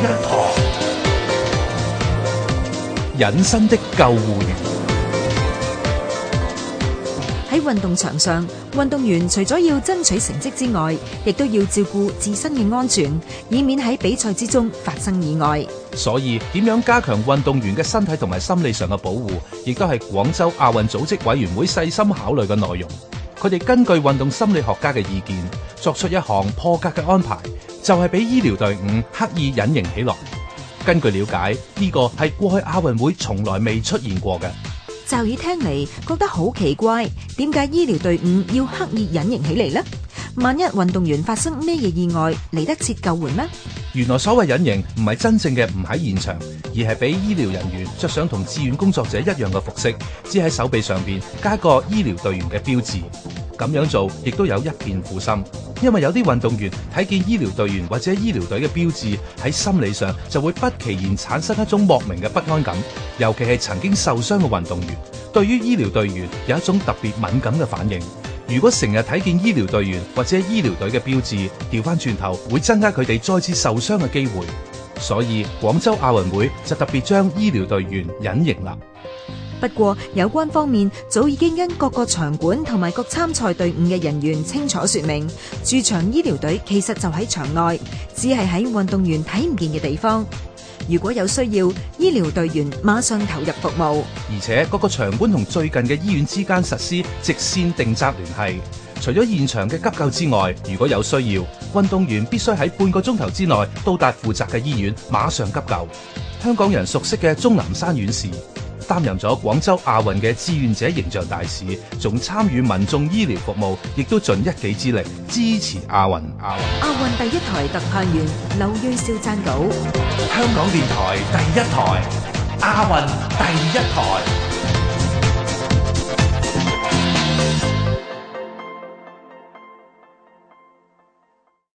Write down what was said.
一隱身的救護員。喺運動場上，運動員除咗要爭取成績之外，亦都要照顧自身嘅安全，以免喺比賽之中發生意外。所以，點樣加強運動員嘅身體同埋心理上嘅保護，亦都係廣州亞運組織委員會細心考慮嘅內容。佢哋根據運動心理學家嘅意見。作出一項破格嘅安排，就係、是、俾醫療隊伍刻意隱形起來。根據了解，呢、這個係過去亞運會從來未出現過嘅。驟耳聽嚟，覺得好奇怪，點解醫療隊伍要刻意隱形起嚟咧？萬一運動員發生咩嘢意外，嚟得切救援咩？原來所謂隱形唔係真正嘅唔喺現場，而係俾醫療人員着上同志願工作者一樣嘅服飾，只喺手臂上邊加個醫療隊員嘅標誌。咁樣做亦都有一片苦心，因為有啲運動員睇見醫療隊員或者醫療隊嘅標誌喺心理上就會不其然產生一種莫名嘅不安感，尤其係曾經受傷嘅運動員，對於醫療隊員有一種特別敏感嘅反應。如果成日睇見醫療隊員或者醫療隊嘅標誌，調翻轉頭會增加佢哋再次受傷嘅機會。所以廣州亞運會就特別將醫療隊員隱形啦。不過有關方面早已經跟各個場館同埋各參賽隊伍嘅人員清楚說明，駐場醫療隊其實就喺場內，只係喺運動員睇唔見嘅地方。如果有需要，醫療隊員馬上投入服務。而且各個場館同最近嘅醫院之間實施直線定責聯繫。除咗現場嘅急救之外，如果有需要，運動員必須喺半個鐘頭之內到達負責嘅醫院，馬上急救。香港人熟悉嘅鍾南山院士，擔任咗廣州亞運嘅志願者形象大使，仲參與民眾醫療服務，亦都盡一己之力支持亞運。亞運第一台特派員劉瑞笑撰稿，香港電台第一台，亞運第一台。